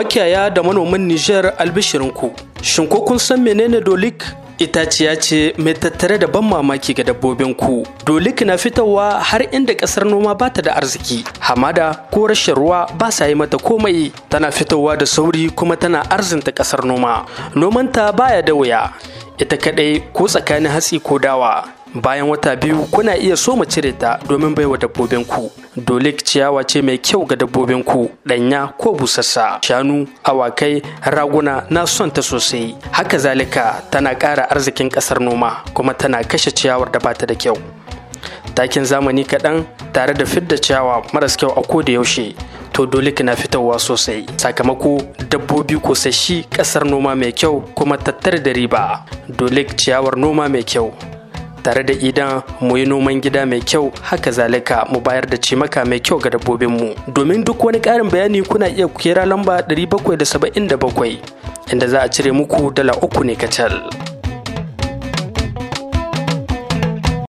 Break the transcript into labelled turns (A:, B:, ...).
A: makiyaya da manoman Nijar albishirinku. Shin ko kun san menene dolik? Itaciya ce mai tattare da ban mamaki ga dabbobinku. ku. Dolik na fitowa har inda ƙasar noma ba ta da arziki, hamada ko rashin ruwa ba sa yi mata komai. Tana fitowa da sauri kuma tana arzinta ƙasar noma. Nomanta baya da wuya, ita kaɗai ko tsakanin hatsi ko dawa. bayan wata biyu kuna iya so mu cire ta domin baiwa dabbobin ku dolik ciyawa ce mai kyau ga dabbobin ku danya ko busassa shanu awakai raguna na son ta sosai haka zalika tana ƙara arzikin ƙasar noma kuma tana kashe ciyawar da bata da kyau takin zamani kaɗan tare da fidda ciyawa maras kyau a koda yaushe to dolik na fitowa sosai sakamako dabbobi kosashi ƙasar noma mai kyau kuma tattare da riba dolik ciyawar noma mai kyau tare da idan mu yi noman gida mai kyau haka zalika mu bayar da cimaka mai kyau ga dabbobinmu domin duk wani ƙarin bayani kuna iya kera lamba 777 inda za a cire muku dala uku ne kacal.